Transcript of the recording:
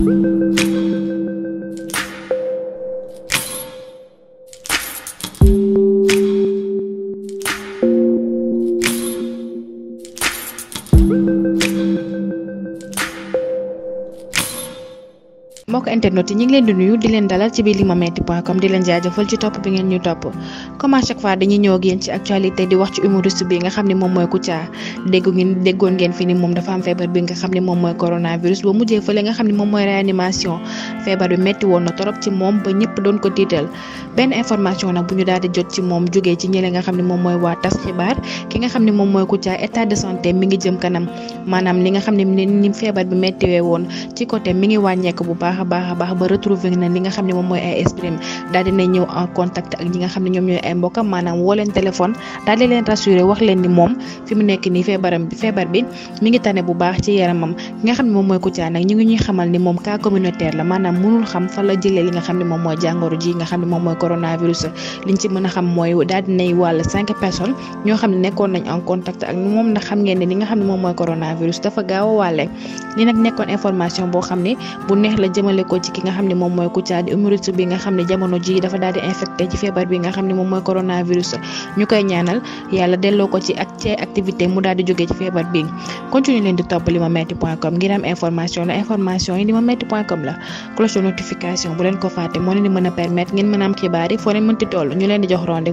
Thank you. mbokk internet yi ñu ngi leen di nuyu di leen dalal ci biir limametti.com di leen jaajëfal comme à chaque fois dañuy ñëw ak yéen ci actualité di wax ci humoriste bi nga xam ne moom mooy Kouthia déggu ngeen déggoon ngeen fi ni moom dafa am feebar bi nga xam ne moom mooy coronavirus ba mujjee fële nga xam ne moom mooy réanimation feebar bi métti woon na torop ci moom ba ñëpp doon ko tiital benn information nag bu ñu daal di jot ci moom jógee ci ñële nga xam ne moom mooy waa tas xibaar ki nga xam ne moom mooy Kouthia état de santé mi ngi jëm kanam maanaam li nga xam ne ni feebar bi méttiwee woon ci côté mi ngi wàññeeku bu baax baax a baax a baax ba retrouver na li nga xam ne moom mooy ay esprit daal dina ñëw en contact ak ñi nga xam ne ni nga xam ni moom mooy coronavirus a dafa gaaw a wàlle li nag nekkoon information boo xam ne bu neex la jëm jëmale ko ci ki nga xam ne moom mooy Kouthia di humoriste bi nga xam ne jamono ji dafa daal infecté ci feebar bi nga xam ne moom mooy coronavirus ñu koy ñaanal yàlla delloo ko ci ak ci activité mu daal di jógee ci feebar bi continue leen di topp limametti.com ngir am information la information yi limametti.com la cloche notification bu leen ko fàtte moo leen di mën a permettre ngeen mën a foo leen mënti toll ñu leen di jox rendez